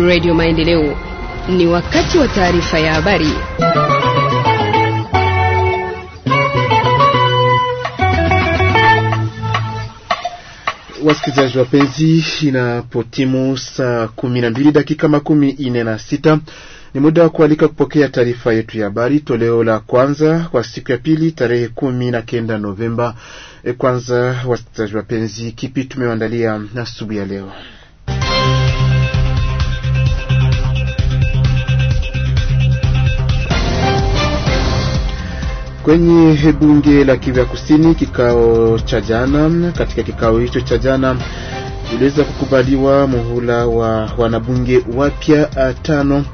Radio Maendeleo. Ni wakati wa taarifa ya habari. Wasikilizaji wapenzi, inapotimu saa kumi na mbili dakika makumi ine na sita ni muda wa kualika kupokea taarifa yetu ya habari toleo la kwanza kwa siku ya pili tarehe kumi na kenda Novemba. E, kwanza wasikilizaji wapenzi, kipi tumewaandalia asubuhi ya leo? kwenye bunge la Kivu ya Kusini kikao cha jana. Katika kikao hicho cha jana iliweza kukubaliwa muhula wa wanabunge wapya ah, tano.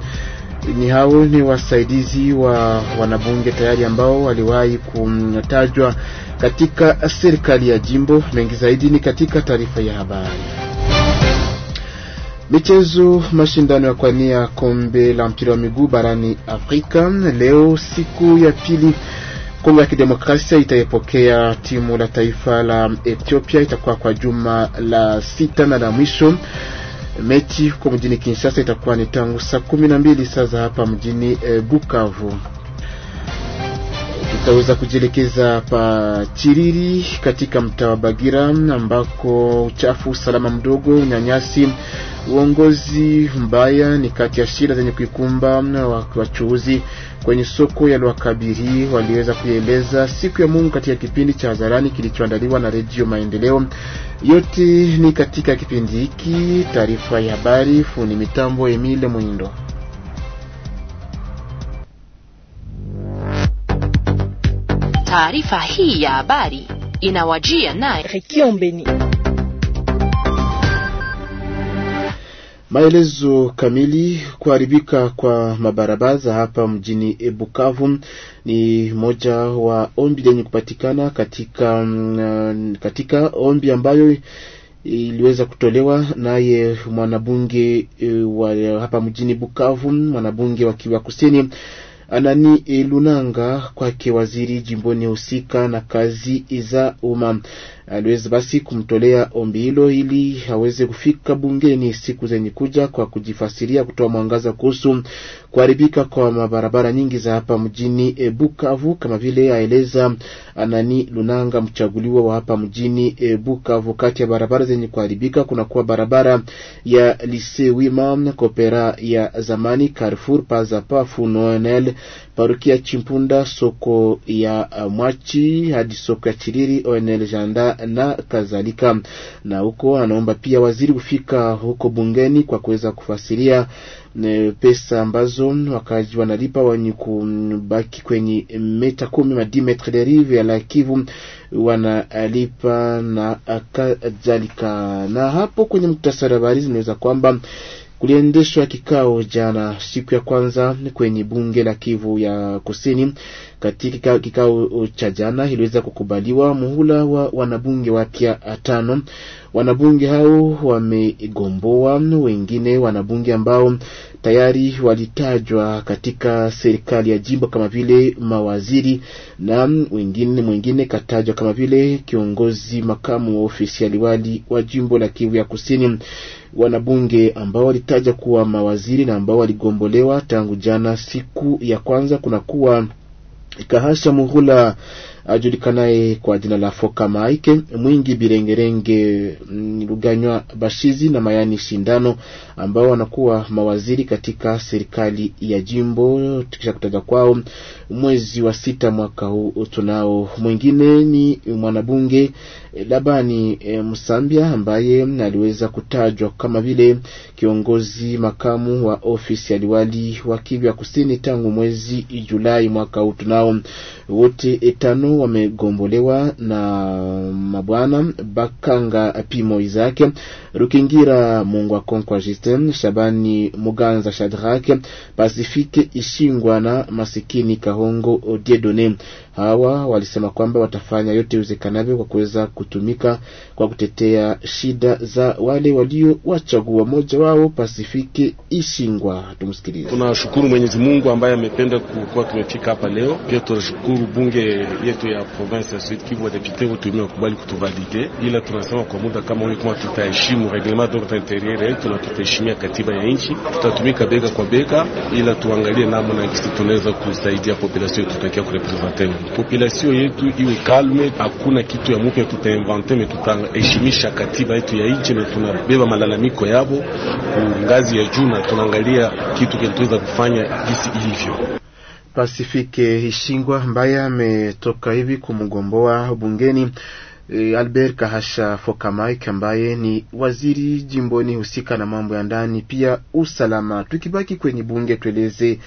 Ni hao ni wasaidizi wa wanabunge tayari ambao waliwahi kutajwa katika serikali ya jimbo. Mengi zaidi ni katika taarifa ya habari. Michezo. Mashindano ya kwania kombe la mpira wa miguu barani Afrika leo siku ya pili Kongo ya Kidemokrasia itaipokea timu la taifa la Ethiopia, itakuwa kwa juma la sita na la mwisho. Mechi huko mjini Kinshasa itakuwa ni tangu saa kumi na mbili saa za hapa mjini e, Bukavu. Tutaweza kujielekeza pa Chiriri katika mtaa wa Bagira ambako uchafu, usalama mdogo, unyanyasi Uongozi mbaya ni kati ya shida zenye kuikumba wachuuzi kwenye soko ya Lwakabiri, waliweza kueleza siku ya Mungu katika kipindi cha hadharani kilichoandaliwa na Redio Maendeleo. Yote ni katika kipindi hiki. Taarifa ya habari funi mitambo Emile Mwindo. Taarifa hii ya habari inawajia naye Mbeni. Maelezo kamili. Kuharibika kwa mabarabaza hapa mjini Bukavu ni moja wa ombi lenye kupatikana katika, mm, katika ombi ambayo iliweza kutolewa naye mwanabunge e, wa hapa mjini Bukavu, mwanabunge wa Kivu Kusini Anani Lunanga kwake waziri jimboni husika na kazi za umma aliweza basi kumtolea ombi hilo ili aweze kufika bungeni siku zenye kuja kwa kujifasiria, kutoa mwangaza kuhusu kuharibika kwa mabarabara nyingi za hapa mjini e, Bukavu, kama vile aeleza Anani Lunanga, mchaguliwa wa hapa mjini e, Bukavu. Kati ya barabara zenye kuharibika kuna kuwa barabara ya Lise Wima Kopera ya zamani Carrefour Pazapa Funonel ya Chimpunda, soko ya uh, Mwachi hadi soko ya Chiriri, ONL Janda na kadhalika. Na huko anaomba pia waziri kufika huko bungeni kwa kuweza kufasiria pesa ambazo wakaji wanalipa wenye kubaki kwenye meta kumi madimetre derive ya Lakivu wanalipa na kadhalika. Na hapo kwenye muktasari habari zinaweza kwamba kuliendeshwa kikao jana siku ya kwanza kwenye bunge la Kivu ya Kusini katika kikao cha jana iliweza kukubaliwa muhula wa wanabunge wapya tano. Wanabunge hao wamegomboa wengine wanabunge ambao tayari walitajwa katika serikali ya jimbo kama vile mawaziri na wengine mwingine katajwa kama vile kiongozi makamu wa ofisi ya liwali wa jimbo la Kivu ya Kusini. Wanabunge ambao walitajwa kuwa mawaziri na ambao waligombolewa tangu jana siku ya kwanza kunakuwa Kahasa Muhula ajulikanaye kwa jina la Foka Maike Mwingi Birengerenge Ruganywa mm, Bashizi na Mayani Shindano ambao wanakuwa mawaziri katika serikali ya jimbo tukisha kutaja kwao mwezi wa sita mwaka huu. Tunao mwingine ni mwanabunge eh, Labani e, eh, Msambia ambaye aliweza kutajwa kama vile kiongozi makamu wa ofisi ya liwali wa Kivu Kusini tangu mwezi Julai mwaka huu. Tunao wote etano eh, wamegombolewa na mabwana Bakanga Pimo Isaac Rukingira Mungwa Konkwa Justin Shabani Muganza Shadrake Pasifike Ishingwa na Masikini Kahongo Odiedone. Hawa walisema kwamba watafanya yote iwezekanavyo kwa kuweza kutumika kwa kutetea shida za wale walio wachagua moja wao Pasifike Ishingwa. Tumsikilize. Tunashukuru Mwenyezi Mungu ambaye amependa kukuwa tumefika hapa leo. Pia tunashukuru bunge yetu yote ya province ya Sud Kivu, wadepute wote wamekubali kutuvalide, ila tunasema kwa muda kama huyu, kama tutaheshimu reglement d'ordre interieur yetu na tutaheshimia katiba ya nchi, tutatumika bega kwa bega, ila tuangalie namna sisi tunaweza kusaidia population yetu, tutakia kurepresente population yetu iwe kalme. Hakuna kitu ya mupya tutainvente, me tutaheshimisha katiba yetu ya nchi, na tunabeba malalamiko yabo ku ngazi ya juu, na tunaangalia kitu kinachoweza kufanya jinsi ilivyo. Pasifike Hishingwa ambaye ametoka hivi kumgomboa bungeni e, Albert Kahasha Fokamike ambaye ni waziri jimboni husika na mambo ya ndani pia usalama. Tukibaki kwenye bunge, tueleze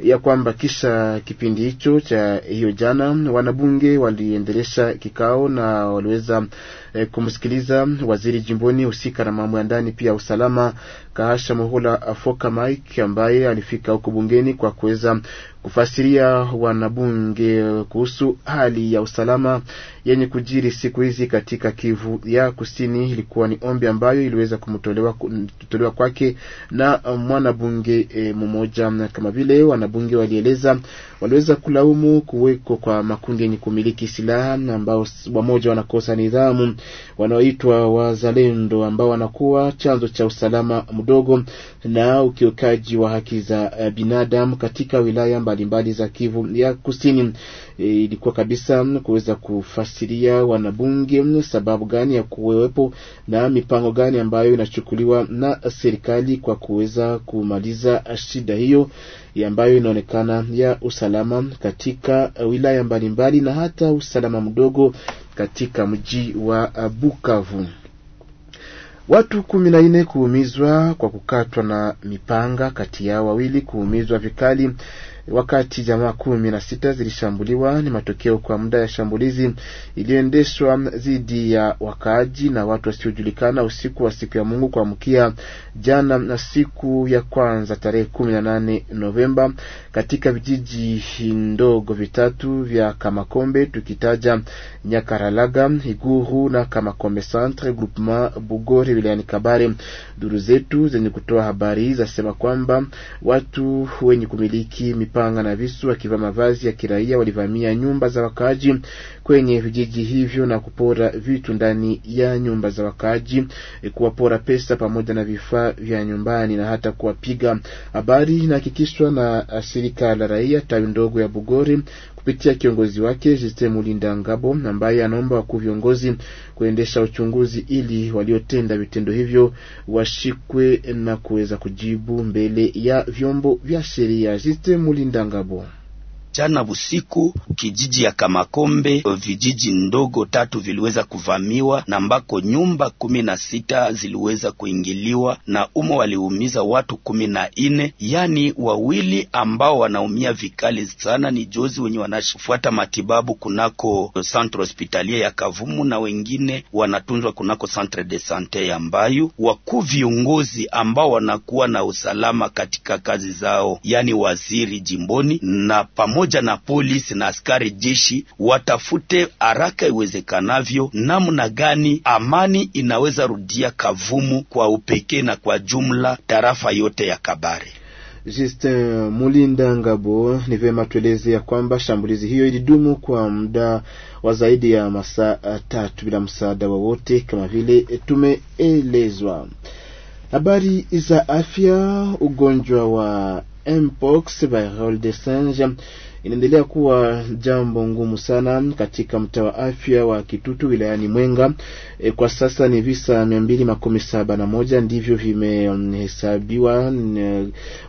ya kwamba kisha kipindi hicho cha hiyo jana, wanabunge waliendelesha kikao na waliweza eh, kumsikiliza waziri jimboni husika na mambo ya ndani pia usalama Kaasha Muhula Foka Mike ambaye alifika huko bungeni kwa kuweza kufasiria wanabunge kuhusu hali ya usalama yenye kujiri siku hizi katika Kivu ya Kusini. Ilikuwa ni ombi ambayo iliweza kumtolewa kwake na mwanabunge e, mmoja. Kama vile wanabunge walieleza, waliweza kulaumu kuweko kwa makundi yenye kumiliki silaha ambao wamoja wanakosa nidhamu, wanaoitwa wazalendo ambao wanakuwa chanzo cha usalama mdo kidogo na ukiukaji wa haki za eh, binadamu katika wilaya mbalimbali za Kivu ya Kusini. E, ilikuwa kabisa kuweza kufasiria wanabunge sababu gani ya kuwepo na mipango gani ambayo inachukuliwa na serikali kwa kuweza kumaliza shida hiyo ambayo inaonekana ya usalama katika wilaya mbalimbali na hata usalama mdogo katika mji wa Bukavu watu kumi na nne kuumizwa kwa kukatwa na mipanga, kati yao wawili kuumizwa vikali wakati jamaa kumi na sita zilishambuliwa. Ni matokeo kwa muda ya shambulizi iliyoendeshwa dhidi ya wakaaji na watu wasiojulikana usiku wa siku ya Mungu kuamkia jana na siku ya kwanza tarehe kumi na nane Novemba katika vijiji ndogo vitatu vya Kamakombe tukitaja Nyakaralaga, Iguru na Kamakombe Centre Groupement Bugore wilayani Kabare. Duru zetu zenye kutoa habari zasema kwamba watu wenye kumiliki mipa mapanga na visu wakivaa mavazi ya kiraia walivamia nyumba za wakaaji kwenye vijiji hivyo na kupora vitu ndani ya nyumba za wakaaji, e, kuwapora pesa pamoja na vifaa vya nyumbani na hata kuwapiga. Habari inahakikishwa na shirika la raia tawi ndogo ya Bugori kupitia kiongozi wake Justin Mulinda Ngabo, ambaye anaomba wakuu viongozi kuendesha uchunguzi ili waliotenda vitendo hivyo washikwe na kuweza kujibu mbele ya vyombo vya sheria. Justin Mulinda Ngabo Jana busiku kijiji ya Kamakombe, vijiji ndogo tatu viliweza kuvamiwa na ambako nyumba kumi na sita ziliweza kuingiliwa na umo waliumiza watu kumi na nne, yaani wawili ambao wanaumia vikali sana ni jozi wenye wanafuata matibabu kunako centre hospitalier ya Kavumu na wengine wanatunzwa kunako centre de sante ya Mbayu. Wakuu viongozi ambao wanakuwa na usalama katika kazi zao, yaani waziri jimboni na pamoja pamoja na polisi na askari jeshi watafute haraka iwezekanavyo namna gani amani inaweza rudia Kavumu kwa upekee na kwa jumla tarafa yote ya Kabare. Justin Mulinda Ngabo, ni vyema tueleze ya kwamba shambulizi hiyo ilidumu kwa muda wa zaidi ya masaa tatu bila msaada wowote kama vile tumeelezwa. Habari za afya. Ugonjwa wa mpox viral Singe inaendelea kuwa jambo ngumu sana katika mtaa wa afya wa Kitutu wilayani Mwenga. E, kwa sasa ni visa mia mbili makumi saba na moja ndivyo vimehesabiwa,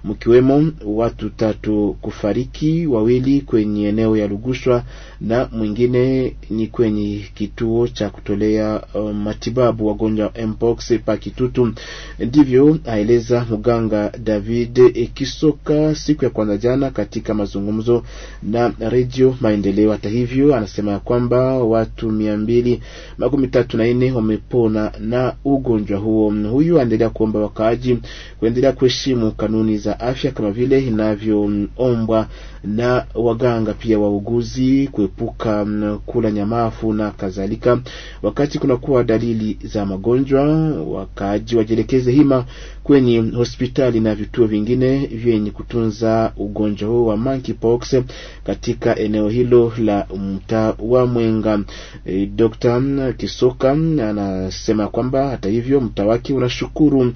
mkiwemo watu tatu kufariki, wawili kwenye eneo ya Lugushwa na mwingine ni kwenye kituo cha kutolea um, matibabu wagonjwa mpox pa Kitutu. Ndivyo aeleza mganga David Kisok kuzunguka siku ya kwanza jana katika mazungumzo na redio Maendeleo. Hata hivyo, anasema ya kwamba watu mia mbili makumi tatu na nne wamepona na ugonjwa huo. Huyu anaendelea kuomba wakaaji kuendelea kuheshimu kanuni za afya kama vile inavyoombwa na waganga, pia wauguzi, kuepuka mm, kula nyamafu na kadhalika. Wakati kunakuwa dalili za magonjwa, wakaaji wajielekeze hima kwenye hospitali na vituo vingine vyenye ni kutunza ugonjwa huu wa monkeypox katika eneo hilo la mtaa wa Mwenga. E, Dr. Kisoka anasema kwamba hata hivyo mtaa wake unashukuru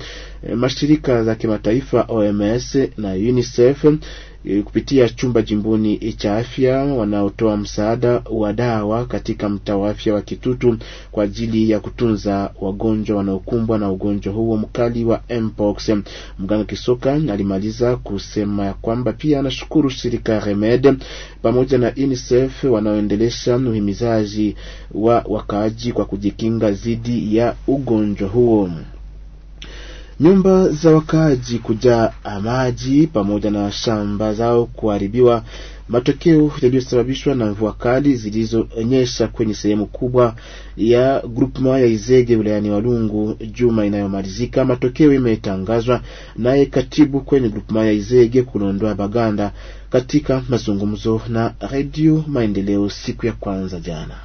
e, mashirika za kimataifa OMS na UNICEF Eh, kupitia chumba jimboni eh, cha afya wanaotoa msaada wa dawa katika mtaa wa afya wa Kitutu kwa ajili ya kutunza wagonjwa wanaokumbwa na ugonjwa huo mkali wa mpox. Mganga Kisoka alimaliza kusema kwamba pia anashukuru shirika Remed pamoja na UNICEF wanaoendelesha uhimizaji wa wakaaji kwa kujikinga dhidi ya ugonjwa huo nyumba za wakaaji kujaa maji pamoja na shamba zao kuharibiwa, matokeo yaliyosababishwa na mvua kali zilizonyesha kwenye sehemu kubwa ya grupma ya Izege wilayani Walungu juma inayomalizika. Matokeo imetangazwa naye katibu kwenye grupma ya Izege Kulondoa Baganda katika mazungumzo na Redio Maendeleo siku ya kwanza jana.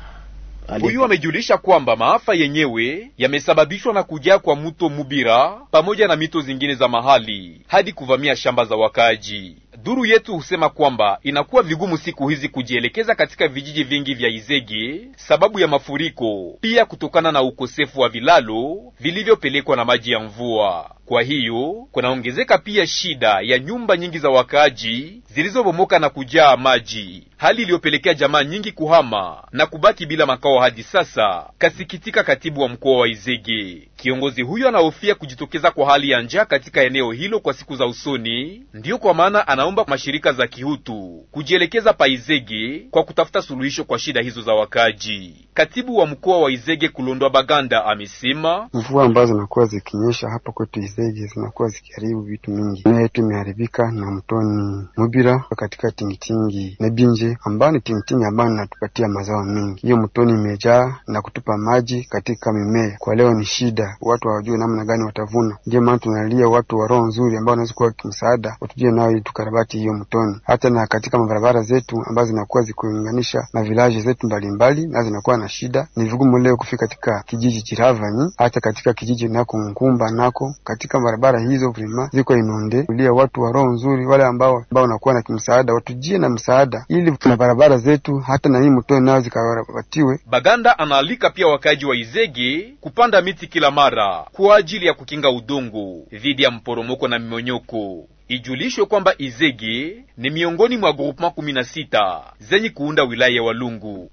Huyu amejulisha kwamba maafa yenyewe yamesababishwa na kujaa kwa mto Mubira pamoja na mito zingine za mahali hadi kuvamia shamba za wakaaji. Duru yetu husema kwamba inakuwa vigumu siku hizi kujielekeza katika vijiji vingi vya Izege sababu ya mafuriko, pia kutokana na ukosefu wa vilalo vilivyopelekwa na maji ya mvua. Kwa hiyo kunaongezeka pia shida ya nyumba nyingi za wakaaji zilizobomoka na kujaa maji, hali iliyopelekea jamaa nyingi kuhama na kubaki bila makao hadi sasa, kasikitika katibu wa mkoa wa Izege. Kiongozi huyo anahofia kujitokeza kwa hali ya njaa katika eneo hilo kwa siku za usoni. Ndiyo kwa maana anaomba mashirika za kihutu kujielekeza pa Izege kwa kutafuta suluhisho kwa shida hizo za wakaaji. Katibu wa mkoa wa Izege Kulondwa Baganda amesema mvua ambazo zinakuwa zikinyesha hapa kwetu Izege zege zinakuwa zikiharibu vitu mingi. Mimea yetu imeharibika na mtoni Mubira katika tingitingi na Binje, ambayo ni tingitingi ambayo inatupatia mazao mingi Hiyo mtoni imejaa na kutupa maji katika mimea. Kwa leo ni shida, watu hawajui namna gani watavuna. Ndiyo maana tunalia watu wa roho nzuri ambao wanaweza kuwa kimsaada, watujie nao ili tukarabati hiyo mtoni, hata na katika mabarabara zetu ambazo zinakuwa zikuunganisha na vilaji zetu mbalimbali, na zinakuwa na shida. Ni vigumu leo kufika katika kijiji Chiravani, hata katika kijiji nako Nkumba nako katika katika barabara hizo vrima ziko inonde kulia watu wa roho nzuri wale ambao ambao wanakuwa na kimsaada watujie na msaada, ili na barabara zetu hata na hii mtoe nao zikawarabatiwe. Baganda anaalika pia wakaaji wa Izege kupanda miti kila mara kwa ajili ya kukinga udongo dhidi ya mporomoko na mimonyoko. Ijulishwe kwamba Izege ni miongoni mwa groupement 16 zenye kuunda wilaya ya Walungu.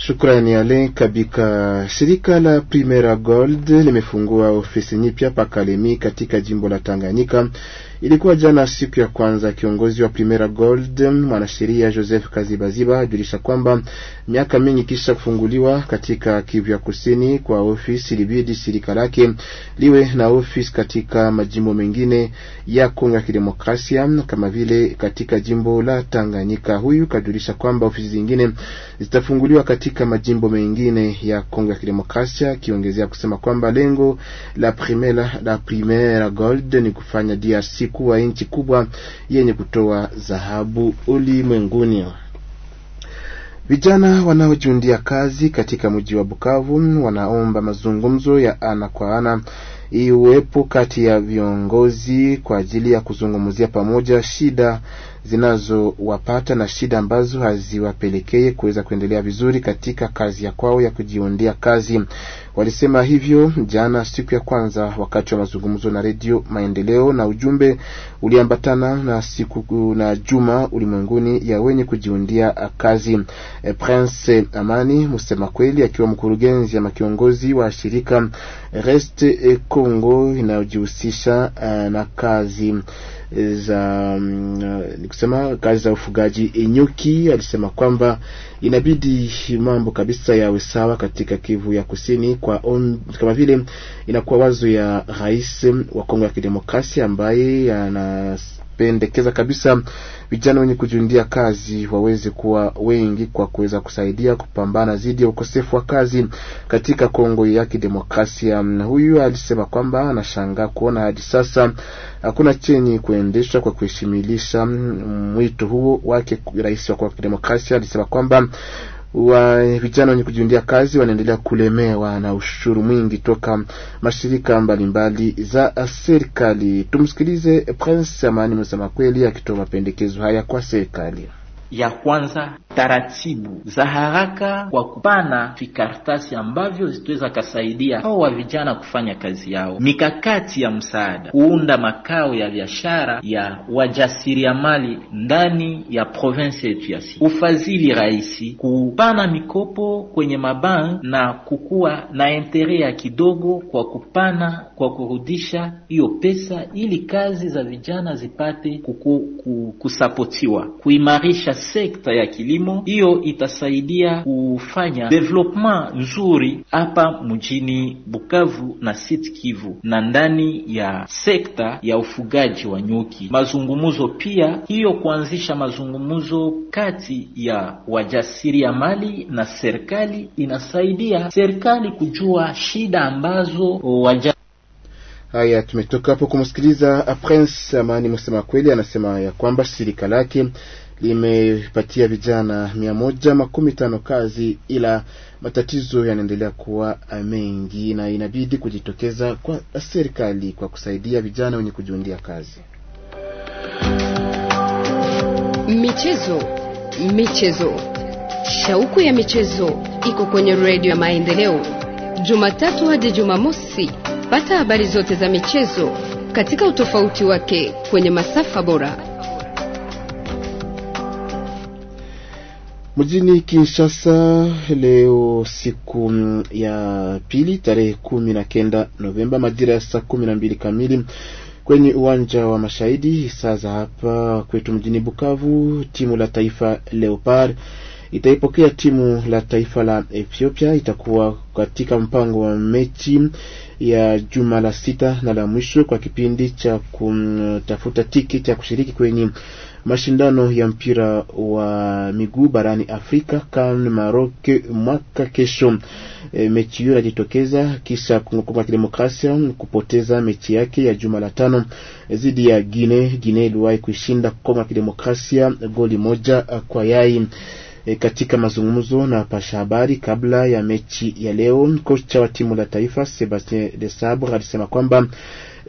Shukrani ale kabika. Shirika la Primera Gold limefungua ofisi nyipya pakalemi katika jimbo la Tanganyika Ilikuwa jana siku ya kwanza. Kiongozi wa Primera Gold mwanasheria Joseph Kazibaziba ajulisha kwamba miaka mingi kisha kufunguliwa katika Kivu ya Kusini kwa ofisi, libidi shirika lake liwe na ofisi katika majimbo mengine ya Kongo ya Kidemokrasia kama vile katika jimbo la Tanganyika. Huyu kajulisha kwamba ofisi zingine zitafunguliwa katika majimbo mengine ya Kongo ya Kidemokrasia, akiongezea kusema kwamba lengo la Primera, la Primera Gold ni kufanya DRC kuwa nchi kubwa yenye kutoa dhahabu ulimwenguni. Vijana wanaojiundia kazi katika mji wa Bukavu wanaomba mazungumzo ya ana kwa ana iwepo kati ya viongozi kwa ajili ya kuzungumzia pamoja shida zinazowapata na shida ambazo haziwapelekee kuweza kuendelea vizuri katika kazi ya kwao ya kujiundia kazi. Walisema hivyo jana siku ya kwanza wakati wa mazungumzo na Redio Maendeleo, na ujumbe uliambatana na siku na juma ulimwenguni ya wenye kujiundia kazi. E, Prince Amani msema kweli akiwa mkurugenzi ama kiongozi wa shirika Rest Congo inayojihusisha eh, na kazi za um, ni kusema kazi za ufugaji Enyuki alisema kwamba inabidi mambo kabisa yawe sawa katika Kivu ya Kusini kwa on, kama vile inakuwa wazo ya rais wa Kongo ya Kidemokrasia ambaye ana wanapendekeza kabisa vijana wenye kujiundia kazi waweze kuwa wengi kwa kuweza kusaidia kupambana dhidi ya ukosefu wa kazi katika Kongo ya Kidemokrasia. Huyu alisema kwamba anashangaa kuona hadi sasa hakuna chenye kuendeshwa kwa kuheshimilisha mwito huo wake. Rais wa Kongo ya Kidemokrasia alisema kwamba wa vijana wenye kujiundia kazi wanaendelea kulemewa na ushuru mwingi toka mashirika mbalimbali za serikali. Tumsikilize Prince Amani Msema kweli akitoa mapendekezo haya kwa serikali ya kwanza, taratibu za haraka kwa kupana vikartasi ambavyo zitaweza kasaidia hao wa vijana kufanya kazi yao, mikakati ya msaada, kuunda makao ya biashara ya wajasiriamali ndani ya province yetu ya Sud, ufadhili rahisi, kupana mikopo kwenye mabank na kukuwa na entere ya kidogo kwa kupana kwa kurudisha hiyo pesa, ili kazi za vijana zipate kuku, kusapotiwa kuimarisha sekta ya kilimo, hiyo itasaidia kufanya development nzuri hapa mjini Bukavu na Sud Kivu na ndani ya sekta ya ufugaji wa nyuki. Mazungumzo pia hiyo kuanzisha mazungumzo kati ya wajasiriamali na serikali inasaidia serikali kujua shida ambazo waja Haya, tumetoka hapo kumsikiliza Prince Amani msema kweli, anasema ya kwamba shirika lake limepatia vijana mia moja makumi tano kazi, ila matatizo yanaendelea kuwa mengi na inabidi kujitokeza kwa serikali kwa kusaidia vijana wenye kujiundia kazi. Michezo, michezo, shauku ya michezo iko kwenye redio ya Maendeleo, Jumatatu hadi Jumamosi. Pata habari zote za michezo katika utofauti wake kwenye masafa bora. mjini Kinshasa leo siku ya pili tarehe kumi na kenda Novemba majira ya saa kumi na mbili kamili kwenye uwanja wa Mashahidi. Sasa hapa kwetu mjini Bukavu, timu la taifa Leopard itaipokea timu la taifa la Ethiopia. Itakuwa katika mpango wa mechi ya juma la sita na la mwisho kwa kipindi cha kutafuta tiketi ya kushiriki kwenye Mashindano ya mpira wa miguu barani Afrika CAN Maroc mwaka kesho. E, mechi hiyo inajitokeza kisha Kongo ya Kidemokrasia kupoteza mechi yake ya juma la tano dhidi ya guine Guinea iliwahi kuishinda Kongo ya Kidemokrasia goli moja kwa yai. E, katika mazungumzo na pasha habari kabla ya mechi ya leo, kocha wa timu la taifa Sebastien Desabre alisema kwamba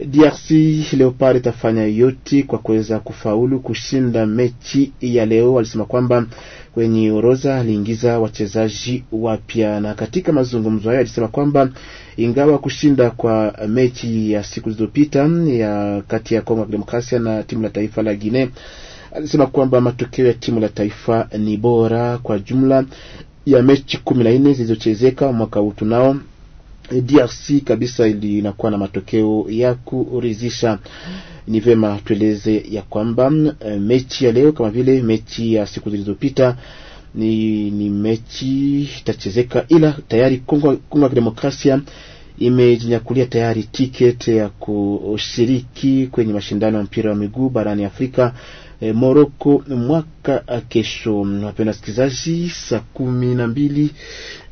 DRC Leopard itafanya yote kwa kuweza kufaulu kushinda mechi ya leo. Alisema kwamba kwenye orodha aliingiza wachezaji wapya, na katika mazungumzo hayo alisema kwamba ingawa kushinda kwa mechi ya siku zilizopita ya kati ya Kongo ya Kidemokrasia na timu la taifa la Guinea, alisema kwamba matokeo ya timu la taifa ni bora kwa jumla ya mechi kumi na nne zilizochezeka mwaka huu tunao Eh, DRC kabisa ili inakuwa na matokeo ya kuridhisha. Ni vema tueleze ya kwamba eh, mechi ya leo kama vile mechi ya siku zilizopita ni, ni mechi itachezeka, ila tayari Kongo ya Kidemokrasia imejinyakulia tayari tiketi ya kushiriki kwenye mashindano ya mpira wa miguu barani Afrika e, mwaka eh, kesho. Napenda sikizaji saa kumi na mbili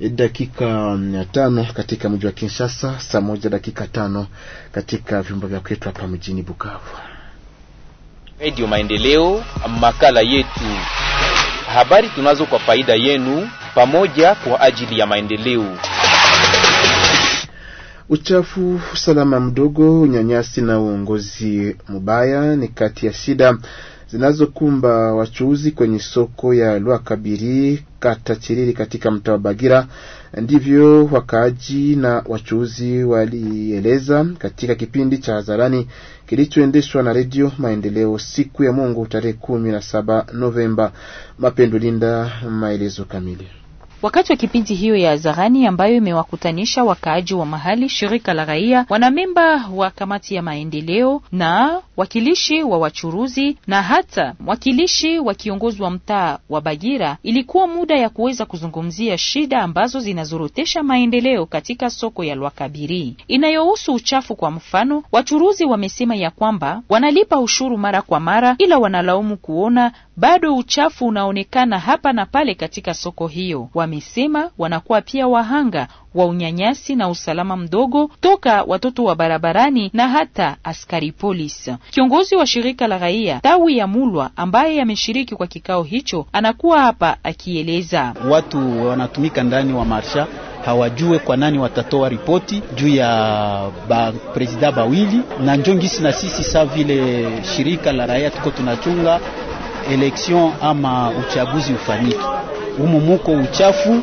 eh, dakika mm, tano katika mji wa Kinshasa, saa moja dakika tano katika vyumba vya kwetu hapa mjini Bukavu. Radio Maendeleo, makala yetu, habari tunazo kwa faida yenu, pamoja kwa ajili ya maendeleo. Uchafu, usalama mdogo, unyanyasi na uongozi mbaya ni kati ya shida zinazokumba wachuuzi kwenye soko ya Lwakabiri kata Chiriri katika mtaa wa Bagira. Ndivyo wakaaji na wachuuzi walieleza katika kipindi cha hadharani kilichoendeshwa na Redio Maendeleo siku ya Mungu tarehe kumi na saba Novemba. Mapendo Linda, maelezo kamili Wakati wa kipindi hiyo ya hadharani ambayo imewakutanisha wakaaji wa mahali, shirika la raia, wanamemba wa kamati ya maendeleo na wakilishi wa wachuruzi na hata mwakilishi wa kiongozi wa mtaa wa Bagira, ilikuwa muda ya kuweza kuzungumzia shida ambazo zinazorotesha maendeleo katika soko ya Lwakabiri inayohusu uchafu. Kwa mfano, wachuruzi wamesema ya kwamba wanalipa ushuru mara kwa mara, ila wanalaumu kuona bado uchafu unaonekana hapa na pale katika soko hiyo. Wamesema wanakuwa pia wahanga wa unyanyasi na usalama mdogo toka watoto wa barabarani na hata askari polisi. Kiongozi wa shirika la raia tawi ya Mulwa ambaye ameshiriki kwa kikao hicho anakuwa hapa akieleza, watu wanatumika ndani wa marsha hawajue kwa nani watatoa ripoti juu ya ba presida bawili na njongisi na sisi, saa vile shirika la raia tuko tunachunga eleksion ama uchaguzi ufanyike. Umu muko uchafu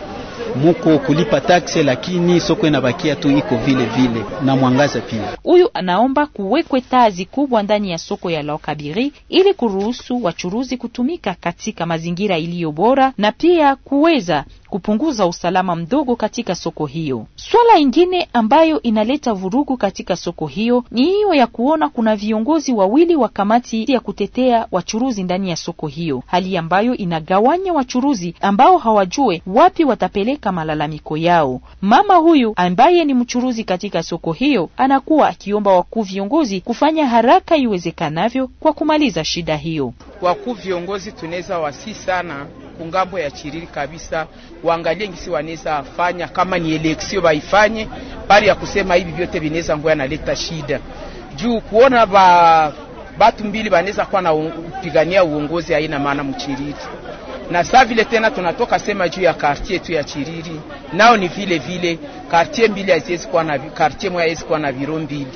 muko kulipa taxe, lakini soko inabakia tu iko vile vile na mwangaza pia. Huyu anaomba kuwekwe taa kubwa ndani ya soko ya Lokabiri ili kuruhusu wachuruzi kutumika katika mazingira iliyo bora na pia kuweza kupunguza usalama mdogo katika soko hiyo. Swala ingine ambayo inaleta vurugu katika soko hiyo ni hiyo ya kuona kuna viongozi wawili wa kamati ya kutetea wachuruzi ndani ya soko hiyo, hali ambayo inagawanya wachuruzi ambao hawajue wapi watapeleka kuweka malalamiko yao. Mama huyu ambaye ni mchuruzi katika soko hiyo anakuwa akiomba wakuu viongozi kufanya haraka iwezekanavyo kwa kumaliza shida hiyo. Wakuu viongozi tunaweza wasi sana kungambo ya chiriri kabisa, waangalie ngisi wanaweza afanya kama ni eleksio waifanye bali ya kusema hivi vyote vinaweza ngoya naleta shida juu kuona ba batu mbili banaweza kuwa na upigania uongozi haina maana mchiriri na saa vile tena tunatoka sema juu ya kartie tu ya Chiriri, nao ni vile vile kartier mbili haziwezi kuwa na kartier moja haiwezi kuwa na viro mbili.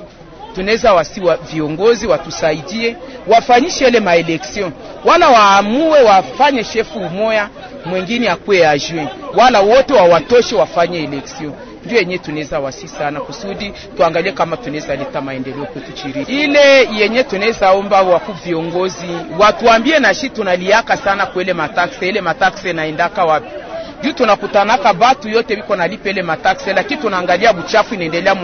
Tunaweza wa viongozi watusaidie wafanyishe ile maeleksion, wala waamue wafanye shefu umoya mwengine akwe ajue, wala wote wawatoshe wafanye eleksion ndio yenye tunaweza wasi sana kusudi tuangalie kama tunaweza leta maendeleo kwetu chiri. Ile yenye tunaweza omba waku viongozi watuambie, na shi tunaliaka sana kwele matakse, ile mataksi naendaka wapi juu tunakutanaka batu yote biko nalipa ile matakse, lakini tunaangalia buchafu inaendelea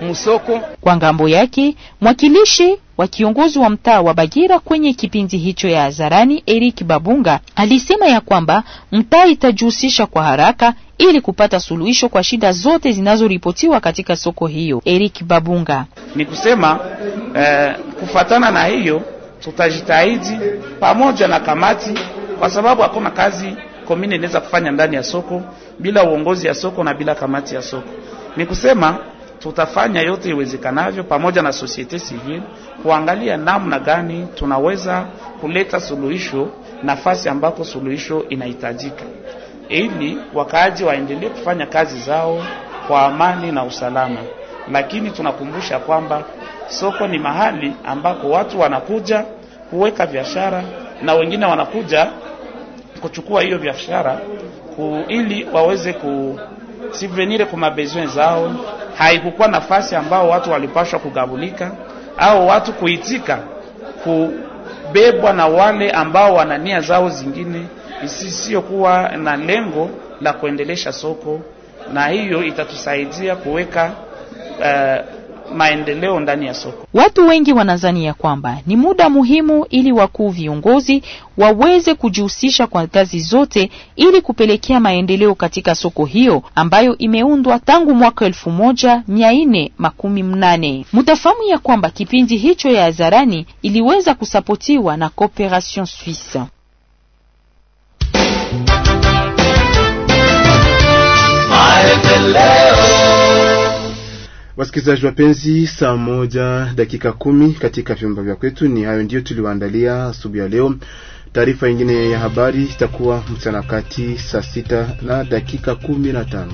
musoko. Kwa ngambo yake mwakilishi wa kiongozi wa mtaa wa Bagira kwenye kipindi hicho ya hadharani, Eric Babunga alisema ya kwamba mtaa itajihusisha kwa haraka ili kupata suluhisho kwa shida zote zinazoripotiwa katika soko hiyo. Eric Babunga ni kusema eh, kufatana na hiyo tutajitahidi pamoja na kamati, kwa sababu hakuna kazi komini inaweza kufanya ndani ya soko bila uongozi ya soko na bila kamati ya soko. Ni kusema tutafanya yote iwezekanavyo pamoja na societe civile kuangalia namna gani tunaweza kuleta suluhisho nafasi ambako suluhisho inahitajika, ili wakaaji waendelee kufanya kazi zao kwa amani na usalama. Lakini tunakumbusha kwamba soko ni mahali ambako watu wanakuja kuweka biashara na wengine wanakuja kuchukua hiyo biashara ili waweze kusivenire kwa zao. Haikukuwa nafasi ambao watu walipashwa kugabulika au watu kuitika kubebwa na wale ambao wana nia zao zingine isiyokuwa na lengo la kuendelesha soko, na hiyo itatusaidia kuweka uh, maendeleo ndani ya soko. Watu wengi ya kwamba ni muda muhimu ili wakuu viongozi waweze kujihusisha kwa kazi zote ili kupelekea maendeleo katika soko hiyo ambayo imeundwa tangu mwaka elfu moja mia nne makumi mnane. Mutafahamu ya kwamba kipindi hicho ya hadharani iliweza kusapotiwa na Cooperation Suisse. Wasikilizaji wapenzi, saa moja dakika kumi katika vyumba vya kwetu. Ni hayo ndiyo tuliwaandalia asubuhi ya leo. Taarifa nyingine ya habari itakuwa mchana kati saa sita na dakika kumi na tano.